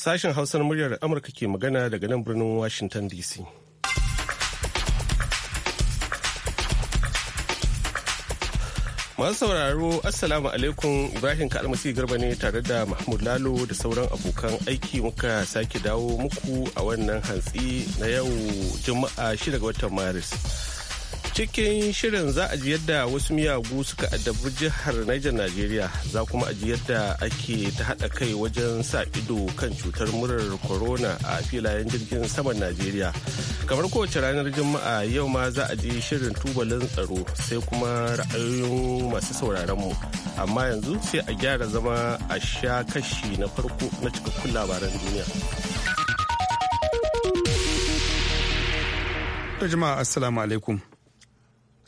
Sashen Hausar muryar Amurka ke magana daga nan birnin Washington DC. Masu sauraro Assalamu alaikum Ibrahim Kalmasi Garba ne tare da Mahmud Lalo da sauran abokan aiki muka sake dawo muku a wannan hantsi na yau Juma'a 6 ga watan Maris. cikin shirin za a ji yadda wasu miyagu suka addabi jihar Niger Najeriya za kuma a ji yadda ake ta haɗa kai wajen sa ido kan cutar murar corona a filayen jirgin saman nigeria Kamar kowace ranar Juma'a yau ma za a ji shirin tubalin tsaro sai kuma ra'ayoyin masu sauraronmu Amma yanzu sai a gyara zama a sha kashi na farko na cikakkun labaran duniya. Jama'a Assalamu alaikum.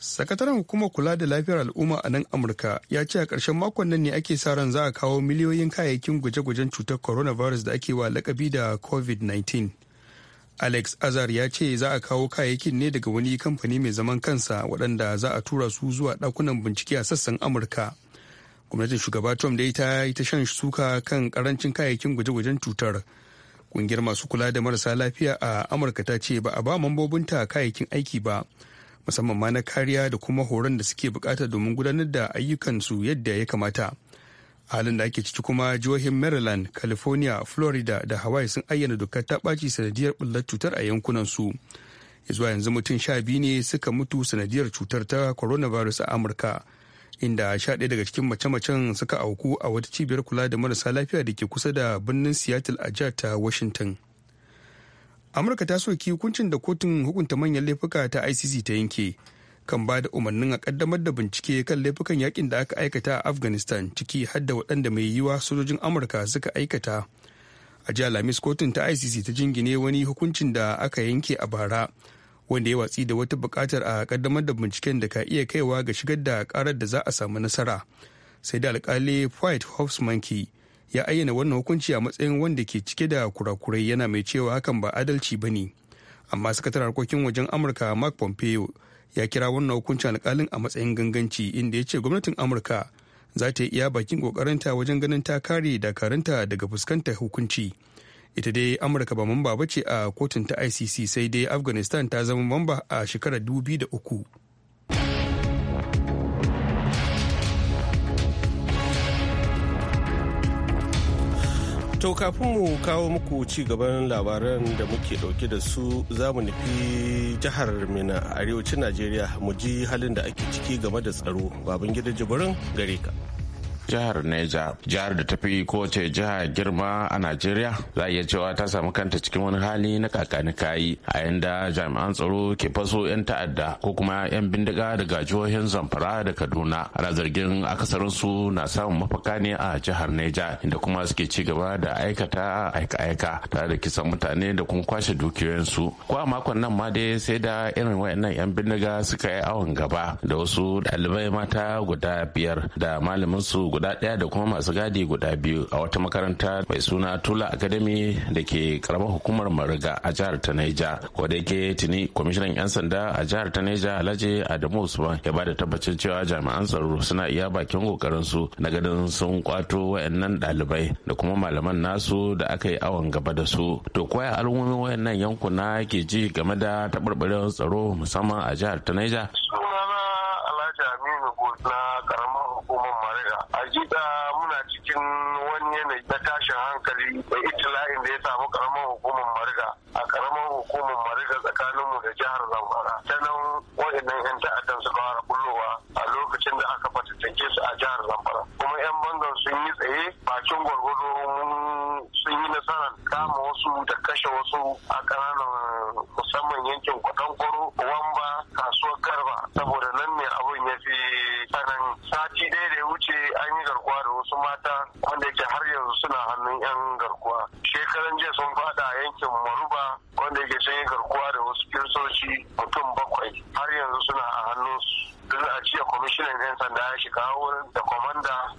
sakataren hukumar kula da lafiyar al'umma a nan amurka ya ce a ƙarshen makon nan ne ake sa ran za a kawo miliyoyin kayayyakin gwaje-gwajen cutar coronavirus da ake wa lakabi da covid-19 alex azar ya ce za a kawo kayayyakin ne daga wani kamfani mai zaman kansa waɗanda za a tura su zuwa ɗakunan bincike a sassan amurka gwamnatin shugaba tom dai ta yi ta shan suka kan karancin kayayyakin gwaje-gwajen cutar kungiyar masu kula da marasa lafiya a amurka ta ce ba a ba mambobinta kayayyakin aiki ba musamman ma na kariya da kuma horon da suke bukata domin gudanar da ayyukansu yadda ya kamata a halin da ake ciki kuma jihohin maryland california florida da hawaii sun ayyana dokar ta ɓaci sanadiyar bullar cutar a yankunan su zuwa yanzu mutum sha biyu ne suka mutu sanadiyar cutar ta coronavirus a amurka inda sha ɗaya daga cikin mace-macen suka auku a wata cibiyar kula da marasa lafiya da ke kusa da birnin seattle a jihar ta washington amurka ta soki hukuncin da kotun hukunta manyan laifuka ta icc ta yanke kan ba da umarnin a kaddamar da bincike kan laifukan yakin da aka aikata a afghanistan ciki har da waɗanda mai yiwa sojojin amurka suka aikata a jiya lamis kotun ta icc ta jingine wani hukuncin da aka yanke a bara wanda ya watsi da wata bukatar a kaddamar da binciken da ka iya kaiwa ga shigar da karar da za a samu nasara sai da alkali white hoffs monkey ya ayyana wannan hukunci a matsayin wanda ke cike da kurakurai yana mai cewa hakan ba adalci ba ne amma sakataren harkokin wajen amurka mark pompeo ya kira wannan hukuncin alkalin a matsayin ganganci inda ya ce gwamnatin amurka za ta iya bakin kokarinta wajen ganin ta kare dakaranta daga fuskantar hukunci ita dai amurka ba mamba ba ce a kotun ta icc sai dai afghanistan ta zama mamba a shekarar 2003 To kafin mu kawo muku ci gaban labaran da muke dauke da su za mu nufi jihar Mina a arewacin Najeriya mu ji halin da ake ciki game da tsaro babangida jibirin gare ka. jihar neja jihar da tafi ce jiha girma a najeriya za iya cewa ta samu kanta cikin wani hali na kakani kayi a yanda jami'an tsaro ke faso 'yan ta'adda ko kuma 'yan bindiga daga jihohin zamfara da kaduna ana zargin akasarinsu na samun mafaka ne a jihar neja inda kuma suke ci gaba da aikata aika-aika tare da kisan mutane da kuma kwashe dukiyoyinsu ko a makon nan ma dai sai da irin wayannan 'yan bindiga suka yi awon gaba da wasu ɗalibai mata guda biyar da malamin guda ɗaya da kuma masu gadi guda biyu a wata makaranta mai suna Tula Academy da ke karamar hukumar Mariga a jihar ta Neja. yake tuni kwamishinan 'yan sanda a jihar ta Neja Alhaji Adamu Usman ya bada tabbacin cewa jami'an tsaro suna iya bakin kokarin su na ganin sun kwato wayannan ɗalibai da kuma malaman nasu da aka yi awon gaba da su. To koya al'ummomin wayannan yankuna ke ji game da taɓarɓarewar tsaro musamman a jihar ta naija cikin wani yanayi na tashin hankali da itila'in da ya samu karamar hukumar mariga a karamar hukumar mariga tsakanin mu da jihar zamfara ta nan wa'annan 'yan ta'addan su fara bullowa a lokacin da aka fatattake su a jihar zamfara kuma 'yan bangan sun yi tsaye bakin gwargwado sun yi nasarar kama wasu da kashe wasu a ƙananan musamman yankin kwatankwaro 'yan sanda ya shiga wurin da kwamanda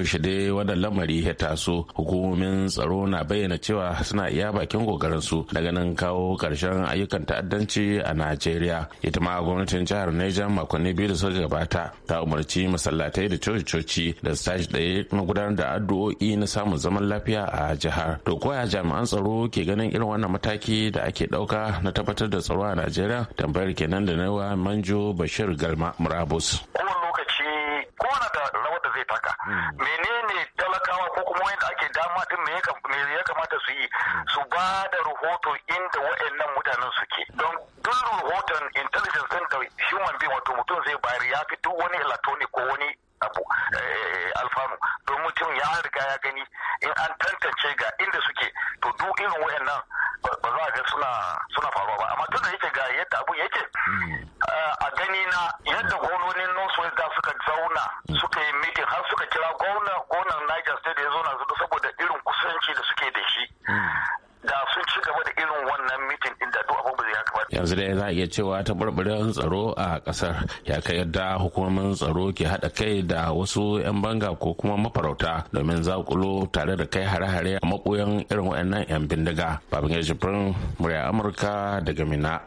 Yaushe dai wannan lamari ya taso hukumomin tsaro na bayyana cewa suna iya bakin kokarin su na ganin kawo karshen ayyukan ta'addanci a Najeriya ita ma gwamnatin jihar Niger makonni biyu da suka gabata ta umarci masallatai da coci-coci da stash ɗaya gudanar da addu'o'i na samun zaman lafiya a jihar to koya jami'an tsaro ke ganin irin wannan mataki da ake ɗauka na tabbatar da tsaro a Najeriya tambayar kenan da na Manjo Bashir Galma Murabus. zai taka mm. menene talakawa ko kuma wanda ake dama din me ya kamata su yi mm. su ba da rahoto inda waɗannan mutanen suke don duk rahoton intelligence center human being wato mutum zai bayar ya fi duk wani electronic ko wani abu eh, eh, eh, alfanu don mutum ya riga ya gani in an tantance ga yanzu za a iya cewa barbarin tsaro a ƙasar ya kai yadda hukumomin tsaro ke haɗa kai da wasu 'yan banga ko kuma mafarauta domin zakulo tare da kai hare-hare a makoyan irin wayannan 'yan bindiga babin yajibirin murya amurka daga mina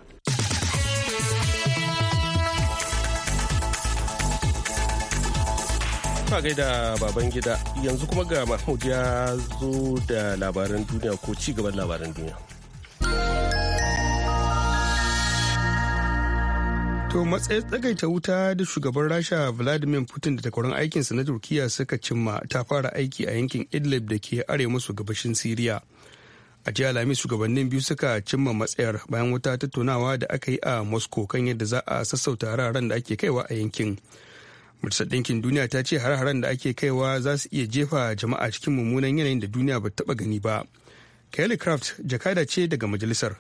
Ka gaida baban gida yanzu kuma ga Mahmud ya zo da labaran duniya ko ci gaban labaran duniya. To matsayin tsagaita wuta da shugaban Rasha Vladimir Putin da takwarar aikinsa na Turkiya suka cimma ta fara aiki a yankin Idlib da ke arewa maso gabashin Siriya. A jiya Alhamis shugabannin biyu suka cimma matsayar bayan wata tattaunawa da aka yi a Moscow kan yadda za a sassauta hararen da ake kaiwa a yankin. Majalisar Ɗinkin Duniya ta ce har-haren da ake kaiwa za su iya jefa jama'a cikin mummunan yanayin da duniya ba taɓa gani ba. Kelly Craft jakada ce daga majalisar.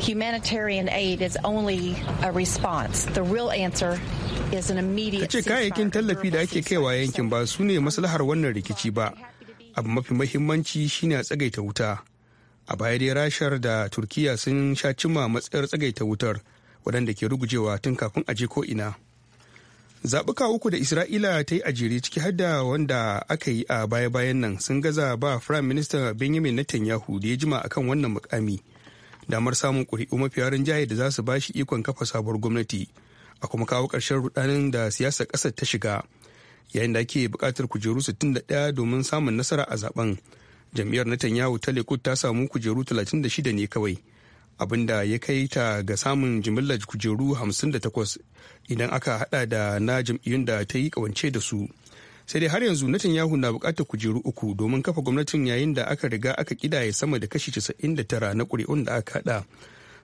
Humanitarian aid is only a response. The real answer is an immediate Kace kayayyakin tallafi da ake kaiwa yankin ba su ne maslahar wannan rikici ba. Abu mafi mahimmanci shine a tsagaita wuta. A baya dai rashar da Turkiya sun sha cimma matsayar tsagaita wutar waɗanda ke rugujewa tun kafin a je ko ina. zaɓuka uku da isra'ila ta yi a jere ciki har da wanda aka yi a baya-bayan nan sun gaza ba firayim minista benjamin netanyahu da ya jima akan wannan mukami damar samun ƙuri'u mafiya jihar da za su ba shi ikon kafa sabuwar gwamnati a kuma kawo ƙarshen rudanin da siyasar ƙasar ta shiga yayin da ake buƙatar kujeru 61 domin samun nasara a zaben jam'iyyar netanyahu ta likud ta samu kujeru 36 ne kawai abin da ya kai ta ga samun jimillar kujeru 58 idan aka hada da na jam'iyyun da ta yi kawance da su. sai dai har yanzu Netanyahu na bukatar kujeru uku domin kafa gwamnatin yayin da aka riga aka kidaye sama da kashi 99 na kuri'un da aka hada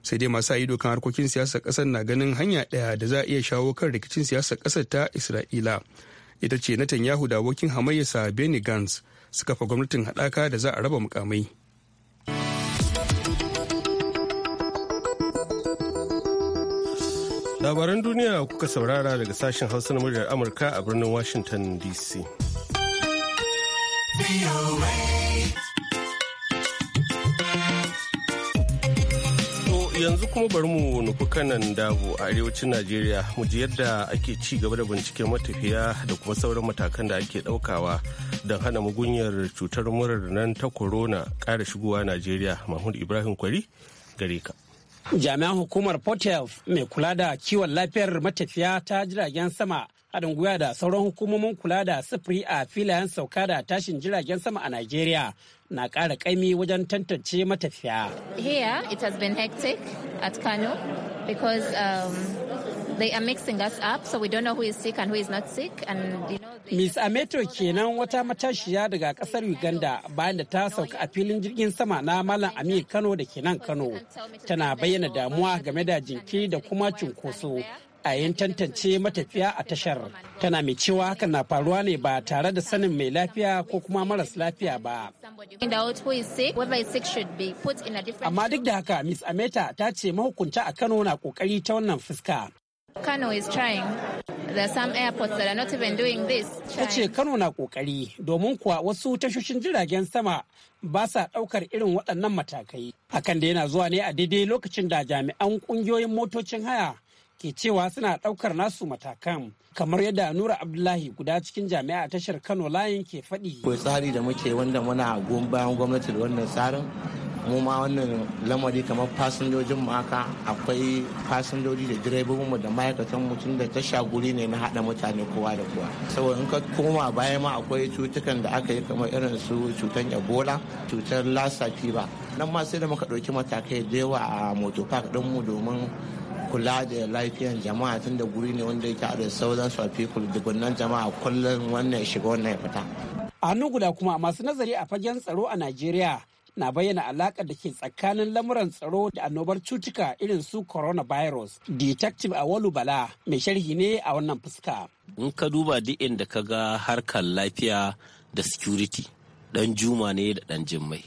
Sai dai masu ido kan harkokin siyasar ƙasar na ganin hanya daya da za a iya shawo kan rikicin siyasar kasar ta Isra'ila. Ita ce Netanyahu da abokin hamayyarsa Benny Gantz su kafa gwamnatin hadaka da za a raba mukamai. labaran duniya kuka saurara daga sashen hausa na muryar amurka a birnin washington dc yanzu kuma bari mu nufi kanan dabu a arewacin najeriya mu ji yadda ake ci gaba da binciken matafiya da kuma sauran matakan da ake daukawa don hana mugunyar cutar murar nan ta corona ƙara shigowa najeriya mahmud ibrahim kwari gare ka jami'an hukumar port health mai kula da kiwon lafiyar matafiya ta jiragen sama haɗin gwiwa da sauran hukumomin kula da sufuri a filayen sauka da tashin jiragen sama a Nigeria, na ƙara ƙaimi wajen tantance matafiya. Here it has been hectic at Kano because um, They are mixing us up, so we don't know who is sick and who is not sick. And you Miss Ameto kenan wata matashiya daga kasar Uganda bayan da ta sauka a filin jirgin sama na Malam Amir Kano da ke nan Kano. Tana bayyana damuwa game da jinkiri da kuma cunkoso a yin tantance matafiya a tashar tana mai cewa hakan na faruwa ne ba tare da sanin mai lafiya ko kuma maras lafiya ba amma duk da haka miss ameta ta ce mahukunta a kano na kokari ta wannan fuska Kano is trying. There are some airports that are not even doing this. Ta ce Kano na kokari domin kuwa wasu tashoshin jiragen sama ba sa daukar irin waɗannan matakai. Hakan da yana zuwa ne a daidai lokacin da jami'an ƙungiyoyin motocin haya ke cewa suna ɗaukar nasu matakan kamar yadda nura abdullahi guda cikin jami'a a tashar kano layin ke faɗi. akwai tsari da muke wanda muna goyon bayan gwamnati da wannan tsarin mu ma wannan lamari kamar fasinjojin mu haka akwai fasinjoji da direbobin mu da ma'aikatan mu tun da tasha guri ne na hada mutane kowa da kowa saboda in ka koma baya ma akwai cutukan da aka yi kamar irin su cutan ebola cutar lassa fever nan ma sai da muka ɗauki matakai da yawa a moto park din mu domin kula da lafiyan jama'a tun da guri ne wanda yake da sauran su a people dubunan jama'a kullum wannan shiga wannan ya fita a hannun guda kuma masu nazari a fagen tsaro a najeriya na bayyana alaƙar da ke tsakanin lamuran tsaro da annobar cutuka irin su coronavirus. Detective Awolu Bala mai sharhi ne a wannan fuska. In ka duba duk inda ka ga harkar lafiya da security dan juma ne da dan jimmai.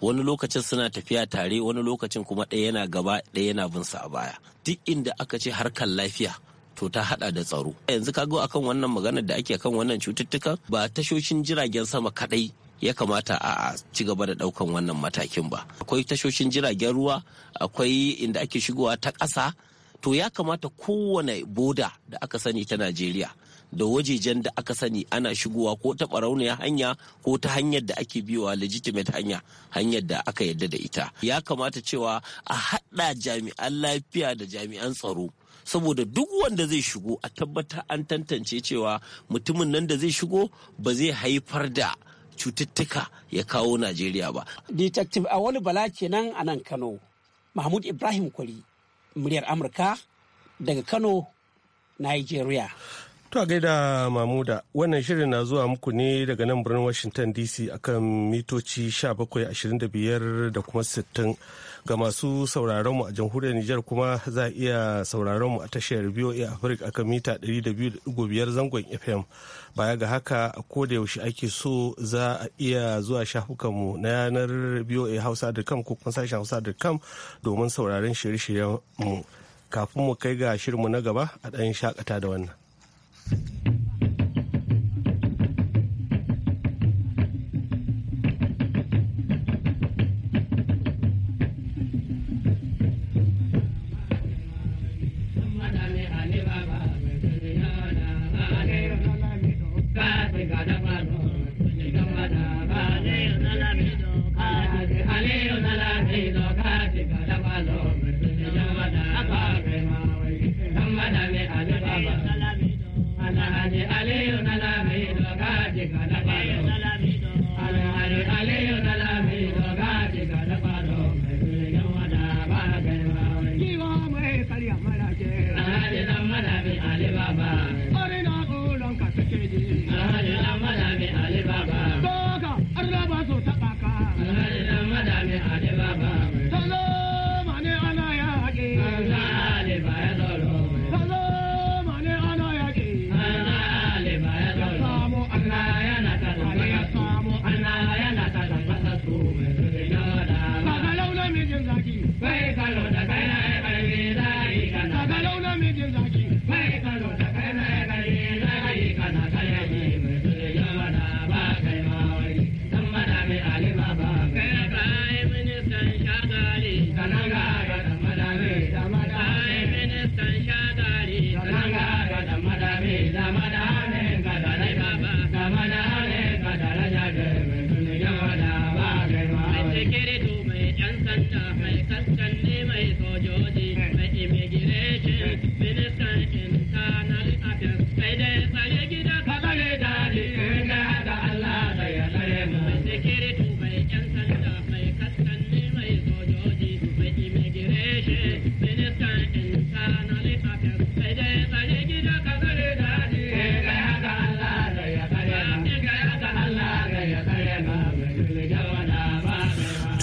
wani lokacin suna tafiya tare wani lokacin kuma ɗaya yana gaba ɗaya yana bin sa a baya duk inda aka ce harkar lafiya to ta hada da tsaro yanzu ka ga akan wannan maganar da ake kan wannan cututtukan ba tashoshin jiragen sama kaɗai. ya kamata a ci gaba da daukan wannan matakin ba akwai tashoshin jiragen ruwa akwai inda ake shigowa ta ƙasa to ya kamata kowane boda da aka sani ta najeriya da wajejen da aka sani ana shigowa ko ta barauniya hanya ko ta hanyar da ake biyowa legitimate hanya hanyar da aka yadda da ita ya kamata cewa a haɗa jami'an lafiya da jami'an tsaro saboda duk wanda zai shigo a tabbata an tantance cewa mutumin nan da zai shigo ba zai haifar da cututtuka ya kawo Najeriya ba. Detective wani Bala kenan a nan Kano. Mahmud Ibrahim Kwari, muryar Amurka daga Kano, Nigeria. To gaida Mahmuda, wannan shirin na zuwa muku ne daga nan birnin Washington DC akan mitoci 25 da kuma 60. Ga masu sauraron mu a jamhuriyar Nijar kuma za a iya sauraron mu a tashar VOA Africa akan mita 200.5 zangon FM. Baya ga haka a koda yaushe ake so za a iya zuwa shafukanmu na yanar da kam ko kuma sashen kam domin sauraron shirye-shiryen mu. Kafin mu kai ga shirinmu na gaba a ɗan shakata da wannan.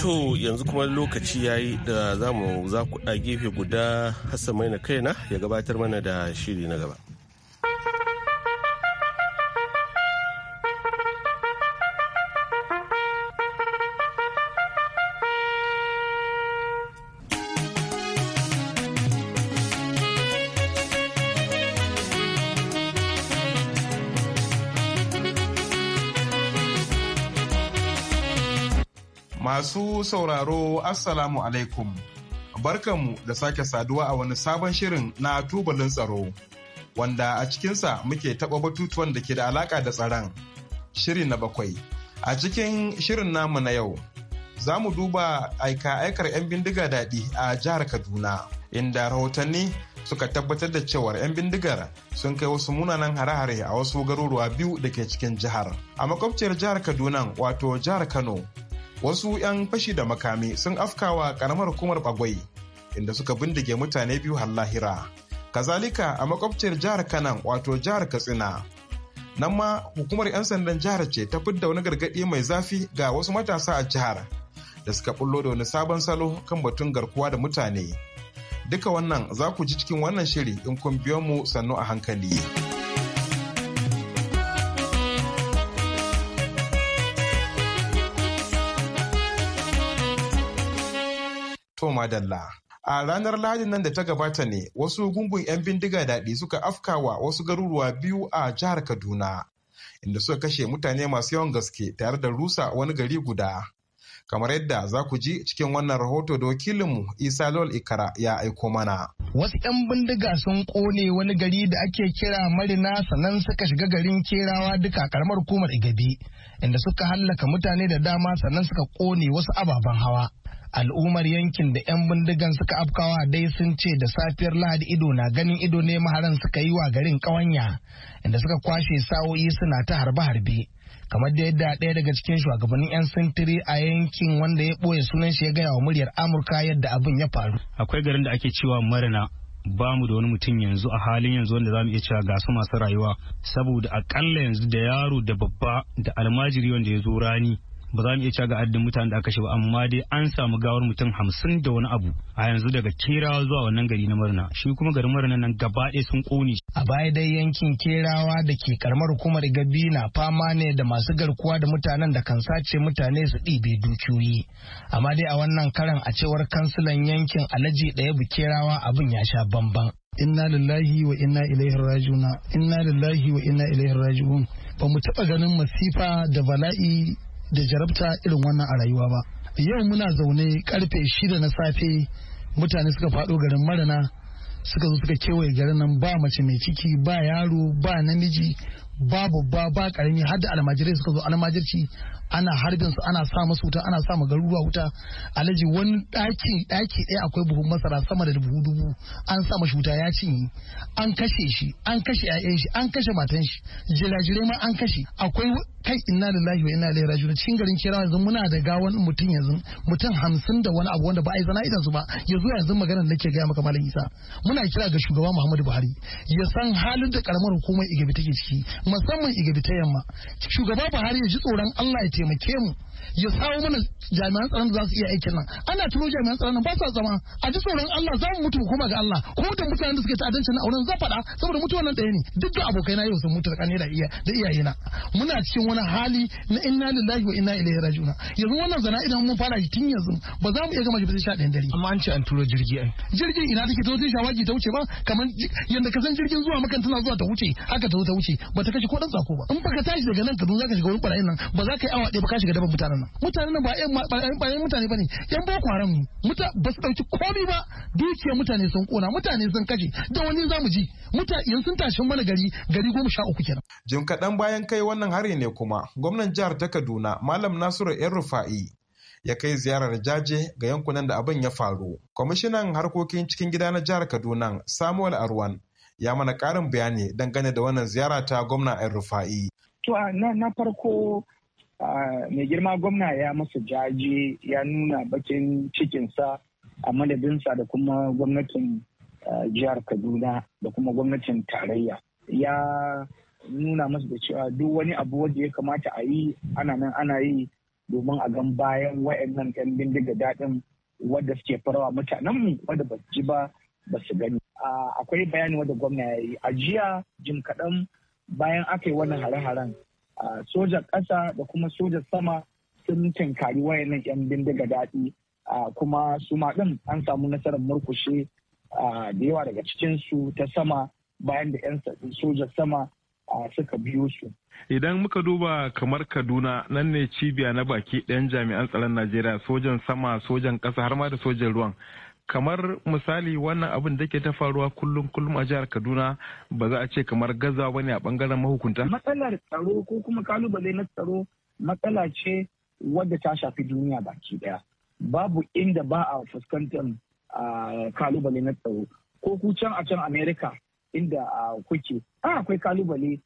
To yanzu kuma lokaci ya yi da za mu za ku gefe guda Hassan na kaina ya gabatar mana da shiri na gaba. Masu sauraro Assalamu alaikum. Barkanmu da sake saduwa a wani sabon shirin na tubalin tsaro, wanda a cikinsa muke taɓa batutuwan da ke da alaƙa da tsaron. Shiri na bakwai. A cikin shirin namu na yau, za mu duba aika-aikar 'yan bindiga daɗi a jihar Kaduna, inda rahotanni suka tabbatar da cewar 'yan bindigar sun kai wasu munanan hare-hare a wasu garuruwa biyu da ke cikin jihar. A makwabciyar jihar Kaduna wato jihar Kano, wasu 'yan fashi da makami sun afkawa karamar hukumar bagwai inda suka bindige mutane biyu hallahira kazalika a makwabciyar jihar kanan wato jihar katsina nan ma hukumar 'yan sandan jihar ce ta fidda wani gargaɗi mai zafi ga wasu matasa a jihar da suka bullo da wani sabon salo kan batun garkuwa da mutane duka wannan za ku ji cikin wannan shiri in kun biyo mu sannu a hankali. madalla A ranar Lahadin nan da ta gabata ne wasu gungun 'yan bindiga daɗi suka afkawa wasu garuruwa biyu a jihar Kaduna, inda suka kashe mutane masu yawan gaske tare da rusa wani gari guda. kamar yadda za ku ji cikin wannan rahoto da wakilinmu isa lol ikara ya aiko mana wasu 'yan bindiga sun kone wani gari da ake kira marina sannan suka shiga garin kerawa duka karamar hukumar igabi inda suka hallaka mutane da dama sannan suka kone wasu ababen hawa al'ummar yankin da 'yan bindigan suka afkawa dai sun ce da safiyar lahadi ido na ganin ido ne maharan suka yi wa garin ƙawanya inda suka kwashe sa'o'i suna ta harbe-harbe kamar da yadda ɗaya daga cikin shugabannin 'yan sintiri a yankin wanda ya boye sunan shi ya gaya wa muryar amurka yadda abin ya faru akwai garin da ake cewa marina ba mu da wani mutum yanzu a halin yanzu wanda za mu iya cewa ga su masu rayuwa saboda akalla yanzu da yaro da babba da almajiri wanda ya zo rani ba za mu iya caga adadin mutanen da aka ba amma dai an samu gawar mutum hamsin da wani abu a yanzu daga kerawa zuwa wannan gari na murna shi kuma garin murna nan gaba ɗaya sun ƙone a baya dai yankin kerawa da ke karamar hukumar gabi na fama ne da masu garkuwa da mutanen da kan sace mutane su ɗibe dukiyoyi amma dai a wannan karan a cewar kansilan yankin alhaji ɗaya kerawa abin ya sha bamban inna lillahi wa inna ilaihi rajiuna inna lillahi wa inna ilaihi rajiun ba mu taɓa ganin masifa da bala'i da jarabta irin wannan a rayuwa ba yau muna zaune karfe shida na safe mutane suka faɗo garin marana suka zo suka kewaye garin nan ba mace mai ciki ba yaro ba namiji ba babba ba karami har da almajirai suka zo almajirci ana harbin su ana sa masu wuta ana sa ma garuruwa wuta alaji wani daki daki ɗaya akwai buhun masara sama da dubu dubu an sa mashi wuta ya cinye an kashe shi an kashe ƴaƴan shi an kashe matan shi jirajirai ma an kashe akwai kai inna lillahi wa inna ilaihi raji'un cikin garin kira yanzu muna da gawan mutum yanzu mutum hamsin da wani abu wanda ba a yi zana'idan su ba yanzu yanzu maganar nake gaya maka malam isa muna kira ga shugaba muhammadu buhari ya san halin da karamar hukumar igabi take ciki musamman igabi ta yamma shugaba buhari ya ji tsoron allah ya taimake mu ya samu mana jami'an tsaron da za su iya aikin nan ana tuno jami'an tsaron nan ba sa zama a ji tsoron Allah za mu mutu koma ga Allah ko mutum mutanen da suke ta'addanci na auren zan faɗa saboda mutuwan nan ɗaya ne duk da abokai na yau sun mutu da da iya da iyayena muna cikin wani hali na inna lillahi wa inna ilaihi raji'un yanzu wannan zana idan mun fara tun yanzu ba za mu iya gama shi ba sai sha ɗayan dare amma an ce an turo jirgi an jirgin ina take zo shawagi ta wuce ba kamar yanda ka san jirgin zuwa makan tana zuwa ta wuce haka ta wuce ba ta kashe ko dan sako ba in baka tashi daga nan ka zo zaka shiga wurin barayin nan ba za ka yi awa ɗaya ba ka shiga daban mutane mutanen nan mutanen nan ba yan mutane bane yan boko haram ne ba su ɗauki komi ba dukiyar mutane sun kona mutane sun kashe da wani zamu ji mutane sun tashi mana gari gari goma sha uku kenan. Jin kaɗan bayan kai wannan hari ne kuma gwamnan jihar ta kaduna malam nasiru yan rufa'i ya kai ziyarar jaje ga yankunan da abin ya faru kwamishinan harkokin cikin gida na jihar kaduna samuel arwan ya mana karin bayani dangane da wannan ziyara ta gwamna yan rufa'i. to na farko mai girma gwamna ya masa jaje ya nuna bakin cikinsa a madadinsa da kuma gwamnatin jihar kaduna da kuma gwamnatin tarayya ya nuna masa da cewa duk wani abu wanda ya kamata a yi ana nan ana yi domin a gan bayan wa'annan 'yan bindiga daɗin wadda suke farawa mutanenmu wadda ba ji ba ba su gani akwai bayani wadda gwamna ya yi a jiya jim kaɗan bayan aka yi wannan hare-haren sojan ƙasa da kuma sojan sama sun tinkari wayannan 'yan bindiga daɗi kuma su ɗin an samu nasarar murkushe da yawa daga cikinsu ta sama bayan da 'yan sojan sama suka biyo su. Idan muka duba kamar Kaduna nan ne cibiya na baki ɗayan jami'an tsaron Najeriya sojan sama sojan ƙasa har ma da sojan ruwan kamar misali wannan abin da ke ta faruwa kullum kullum a jihar kaduna ba za a ce kamar gaza bane a bangaren mahukunta matsalar tsaro ko kuma kalubale na tsaro matsala ce wadda ta shafi duniya baki daya babu inda ba a fuskantar kalubale na tsaro ko ku can a can america inda kuke a akwai kalubale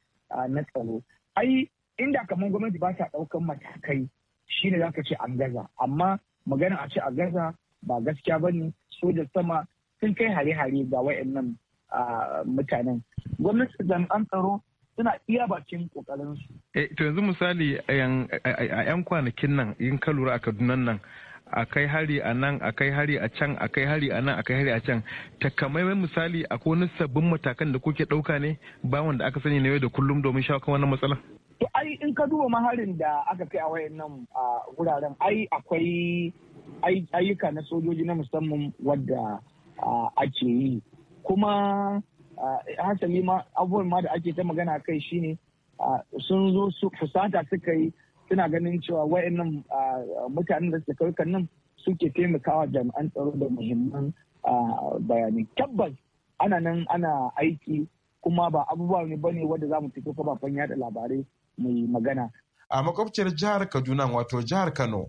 na tsaro ai inda kamar gwamnati ba ta daukan matakai shine za ka ce an gaza amma magana a ce a gaza ba gaskiya ba ne soja sama sun kai hare-hare ga wayannan mutanen gwamnati jami'an tsaro suna iya bakin kokarin su. Eh, to yanzu misali a 'yan kwanakin nan yin kalura a kadunan nan a kai hari a nan a kai hari a can a kai hari a nan a kai hari a can takamaimai misali akwai wani sabbin matakan da kuke ɗauka ne ba wanda aka sani na yau da kullum domin shawo kan wannan matsala. to ai in ka duba maharin da aka kai a wayannan wuraren ai akwai ayyuka na sojoji na musamman wadda ake yi kuma hasali ma abubuwan ma da ake ta magana kai shine sun zo su fusata suka yi suna ganin cewa wayannan mutanen da suka kai nan suke taimakawa jami'an tsaro da muhimman bayanai tabbas ana nan ana aiki kuma ba abubuwa ne bane wanda za mu fito kafafen yada labarai mai magana a makwabciyar jihar kaduna wato jihar kano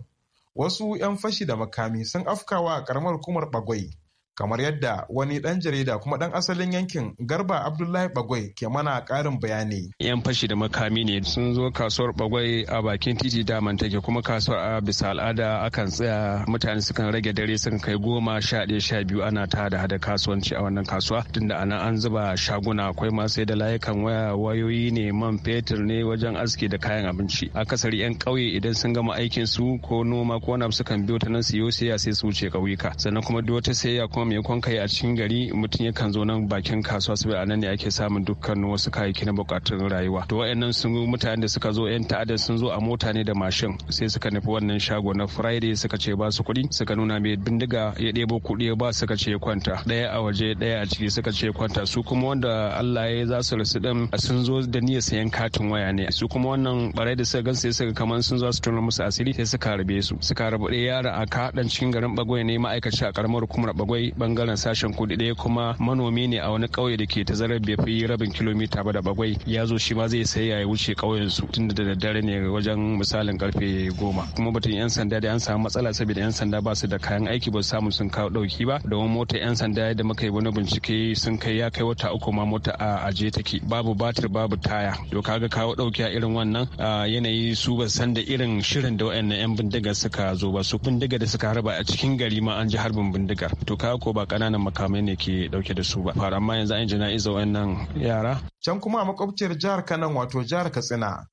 wasu 'yan fashi da makami sun afkawa karamar hukumar bagwai kamar yadda wani dan jarida kuma dan asalin yankin garba abdullahi bagwai ke mana karin bayani yan fashi da makami ne sun zo kasuwar bagwai a bakin titi daman take kuma kasuwar a bisa al'ada akan tsaya mutane sukan rage dare sun kai goma sha ɗaya sha biyu ana ta da hada kasuwanci a wannan kasuwa tunda ana an zuba shaguna akwai masu da layukan waya wayoyi ne man fetur ne wajen aski da kayan abinci akasari yan kauye idan sun gama aikin su ko noma ko wani sukan biyo ta nan siyo ya sai su wuce ƙauyuka sannan kuma duk wata ya kuma maimakon kai a cikin gari mutum kan zo nan bakin kasuwa saboda nan ne ake samun dukkan wasu kayayyaki na bukatun rayuwa to wayannan sun mutanen da suka zo yan ta'adda sun zo a mota ne da mashin sai suka nufi wannan shago na friday suka ce ba su kuɗi suka nuna mai bindiga ya ɗebo kuɗi ya ba suka ce kwanta ɗaya a waje ɗaya a ciki suka ce kwanta su kuma wanda Allah ya za su rasu ɗin sun zo da niyyar sayan katin waya ne su kuma wannan barai da suka gansu suka kamar sun zo su tuna musu asiri sai suka rabe su suka rabu ɗaya yaron a kaɗan cikin garin bagwai ne ma'aikaci a ƙaramar hukumar bagwai bangaren sashen kudi ɗaya kuma manomi ne a wani ƙauye da ke tazarar bai fi rabin kilomita ba da bagwai ya zo shi ma zai saya ya wuce ƙauyensu su tun da daddare ne wajen misalin karfe goma kuma batun yan sanda da an samu matsala saboda yan sanda ba su da kayan aiki ba su samu sun kawo ɗauki ba Da wani mota yan sanda da muka yi wani bincike sun kai ya kai wata uku ma mota a aje take babu batir babu taya to kaga kawo ɗauki a irin wannan yanayi su ba san da irin shirin da wayannan yan bindiga suka zo ba su bindiga da suka harba a cikin gari ma an ji harbin bindigar to kaga ko ba kananan makamai ne ke dauke da su ba fara amma yanzu an jana'iza wayannan yara can kuma a makwabciyar jihar kanan wato jihar katsina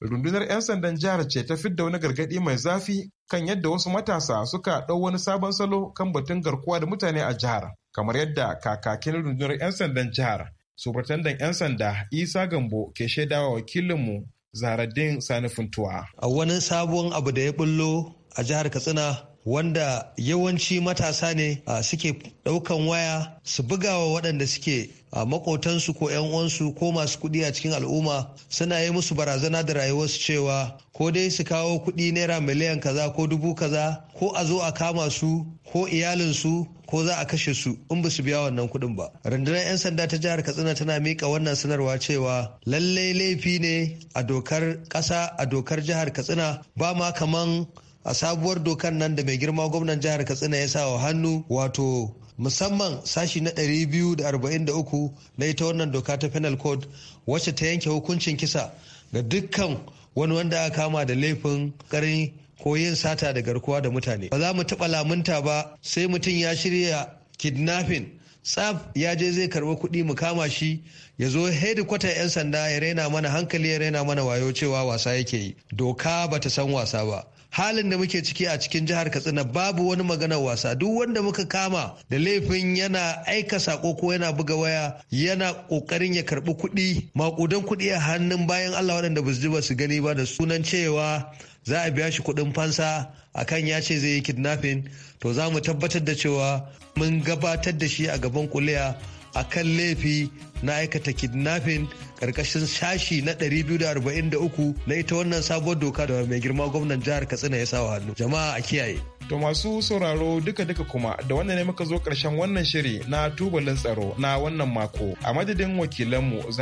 rundunar 'yan sandan jihar ce ta fidda wani gargadi mai zafi kan yadda wasu matasa suka ɗau wani sabon salo kan batun garkuwa da mutane a jihar kamar yadda kakakin rundunar 'yan sandan jihar subratandan 'yan sanda isa gambo ke shaidawa wakilinmu zaradin sani funtuwa a wani sabon abu da ya bullo a jihar katsina wanda yawanci matasa ne suke ɗaukan waya su bugawa waɗanda suke a makotansu ko 'yan uwansu ko masu kuɗi a cikin al'umma suna yi musu barazana da rayuwarsu cewa ko dai su kawo kuɗi naira miliyan kaza ko dubu kaza ko a zo a kama su ko iyalinsu ko za a kashe su in ba su biya wannan kuɗin ba rundunar 'yan sanda ta jihar katsina tana miƙa wannan sanarwa cewa lallai laifi ne a dokar ƙasa a dokar jihar katsina ba ma kaman a sabuwar dokan nan da mai girma gwamnan jihar katsina ya sa wa hannu wato musamman sashi na 243 na ita wannan doka ta penal code wacce ta yanke hukuncin kisa ga dukkan wani wanda aka kama da laifin karin ko yin sata da garkuwa da mutane ba za mu taɓa lamunta ba sai mutum ya shirya kidnapping tsaf ya je zai karɓi kuɗi mu kama shi ya zo kwata 'yan sanda ya raina mana hankali ya raina mana wayo cewa wasa yake yi doka bata san wasa ba halin da muke ciki a cikin jihar katsina babu wani maganar wasa duk wanda muka kama da laifin yana aika sako ko yana buga waya yana kokarin ya karbi kuɗi makudan kuɗi a hannun bayan allah waɗanda ba su ji ba su gani ba da sunan cewa za a biya shi kuɗin fansa akan ya ce zai yi kidnapping to za mu tabbatar da cewa mun gabatar da shi a gaban kuliya a kan laifi na aikata kidnapping karkashin sashi na 243 na ita wannan sabuwar doka da mai girma gwamnan jihar katsina ya sawa hannu jama'a a kiyaye To masu sauraro duka-duka kuma da wannan ne muka zo karshen wannan shiri na tubalin tsaro na wannan mako a madadin wakilanmu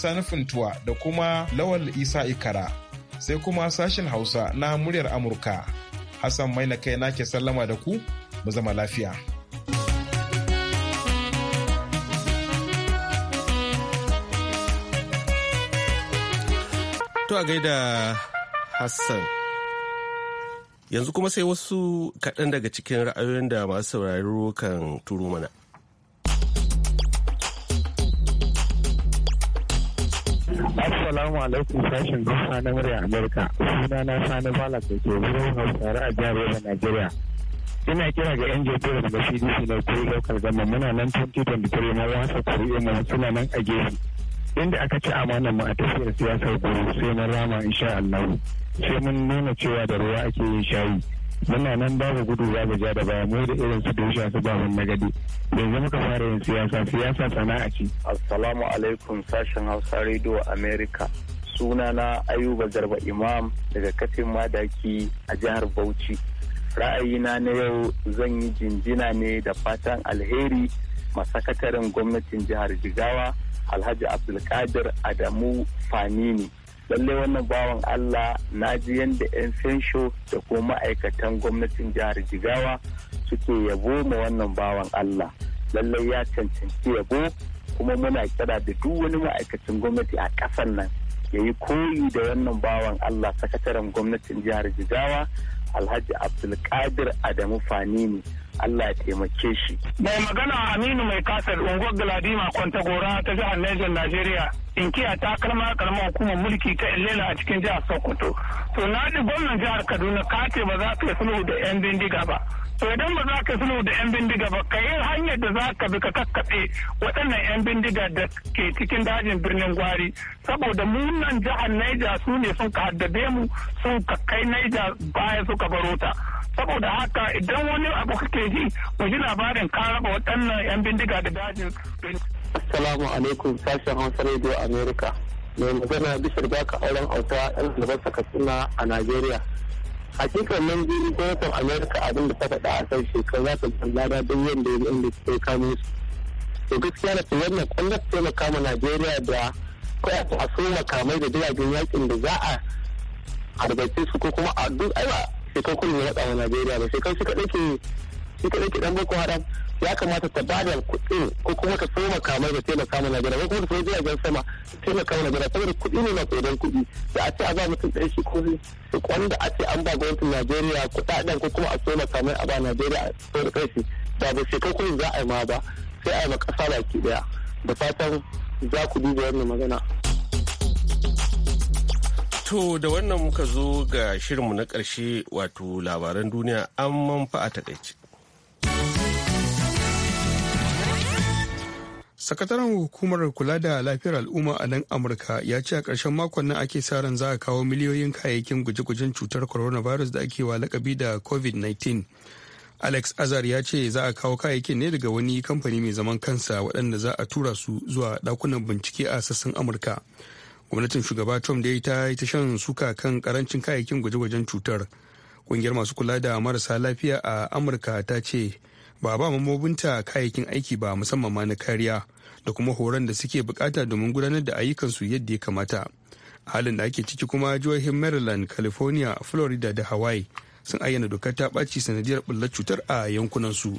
sani fintuwa da kuma lawal isa ikara sai kuma sashin hausa na muryar amurka hassan mai na kai nake sallama da ku mu zama lafiya. To a gaida Hassan. Yanzu kuma sai wasu kaɗan daga cikin ra'ayoyin da masu saurari kan turu mana. Assalamu alaikum sashen Hausa na murya Amurka. Suna na Sani Bala da ke hausa Hausare a jihar Yobe, Najeriya. Ina kira ga 'yan jam'iyyar daga CDC na kuri local gama muna nan 2023 na wasa kuri'in mu suna nan a gefe. inda aka ci amanar mu a tafiyar siyasar kuru sai mun rama insha Allah sai mun nuna cewa da ruwa ake yin shayi muna nan babu gudu babu ja da baya mu da irin su dosha su babun na gadi yanzu muka fara yin siyasa siyasa sana'a ce assalamu alaikum sashen hausa radio america sunana ayuba garba imam daga kafin madaki a jihar bauchi ra'ayina na yau zan yi jinjina ne da fatan alheri masakatarin gwamnatin jihar jigawa alhaji abdulkadir adamu fanini lalle wannan bawan allah na ji yadda 'yan sensho da kuma ma'aikatan gwamnatin jihar jigawa suke yabo ma wannan bawan allah lalle ya cancanci yabo kuma muna kira da duk wani ma'aikacin gwamnati a ƙasar nan ya yi koyi da wannan bawan allah sakataren gwamnatin jihar jigawa alhaji abdulkadir adamu fanini Allah ya taimake shi. Mai magana Aminu mai kasar unguwar Galadima kwanta-gora ta jihar Niger Najeriya. Inkiya ta kalma kalma hukumar mulki ta Ilela a cikin jihar Sokoto. To na ji gwamnan jihar Kaduna ka ce ba za ka yi sulhu da 'yan bindiga ba. To idan ba za ka yi sulhu da 'yan bindiga ba ka yi hanyar da za ka bi ka kakkaɓe waɗannan 'yan bindiga da ke cikin dajin birnin Gwari. Saboda mu nan jihar Niger su ne sun ka haddabe mu sun ka kai Niger baya suka baro ta. saboda haka idan wani abu kake ji ku ji labarin ka raba waɗannan 'yan bindiga da dajin assalamu alaikum sashen hausa radio america mai magana bishir baka auren auta yan albasa katsina a nigeria hakikan nan biyu gwamnatin america abin da ta faɗa a kan shekaru za ta lada don yadda ya inda ta kamo su to gaskiya da su wannan kwallon taimaka ma nigeria da kawai a so makamai da jiragen yakin da za a harbace su ko kuma a duk sai kan kullum ya wa Najeriya ba sai kai suka ɗauke suka ɗauke ɗan boko haram ya kamata ta bada kuɗi ko kuma ta soma kamar da taimaka ma Najeriya ko kuma ta tsoma jiragen sama taimaka ma Najeriya saboda kuɗi ne na kodan kuɗi da a ce a ba mutum ɗan shi ko su kwanda a ce an ba gwamnatin Najeriya kuɗaɗen ko kuma a soma kamar a ba Najeriya saboda kai ba ba sai kai kullum za a yi ma ba sai a yi ma ƙasa baki ɗaya da fatan za ku duba wannan magana. To da wannan muka zo ga shirinmu na ƙarshe wato labaran duniya an manfa a takaice. sakataren hukumar kula da lafiyar al'umma a nan amurka ya ce a ƙarshen makon nan ake sa ran za a kawo miliyoyin kayayyakin guje-gujen cutar coronavirus da ake wa lakabi da covid-19 alex azar ya ce za a kawo kayayyakin ne daga wani kamfani mai zaman kansa waɗanda za a tura su zuwa ɗakunan bincike a sassan amurka gwamnatin shugaba trump dai ta yi ta shan suka kan karancin kayayyakin gwaje-gwajen cutar kungiyar masu kula da marasa lafiya a amurka ta ce ba ba mamobinta kayayyakin aiki ba musamman ma na kariya da kuma horon da suke bukata domin gudanar da ayyukansu yadda ya kamata halin da ake ciki kuma jihohin maryland california florida da hawaii sun ayyana dokar ta ɓaci sanadiyar ɓullar cutar a yankunansu. su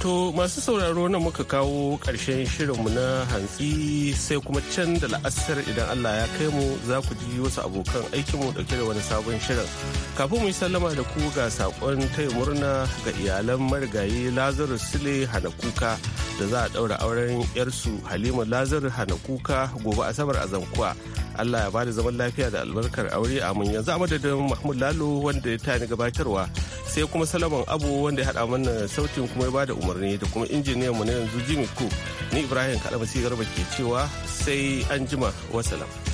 To masu sauraro na muka kawo ƙarshen shirinmu na hantsi sai kuma can da la'asar idan Allah ya kai mu za ku ji wasu abokan aikinmu ɗauke da wani sabon shirin. Kafin mu yi sallama da ku ga saƙon taya murna ga iyalan marigayi Lazarus Sule kuka da za a ɗaura auren yarsu Halima Lazarus kuka gobe Asabar a Zankuwa. Allah ya ba da zaman lafiya da albarkar aure mun yanzu a madadin Mahmud Lalo wanda ya tani gabatarwa. sai kuma salaman abu wanda ya haɗa mana sautin kuma ya bada da umarni da kuma injiniyan mu na yanzu jimmy cook ni ibrahim kaɗa garba ke cewa sai an jima wasalam.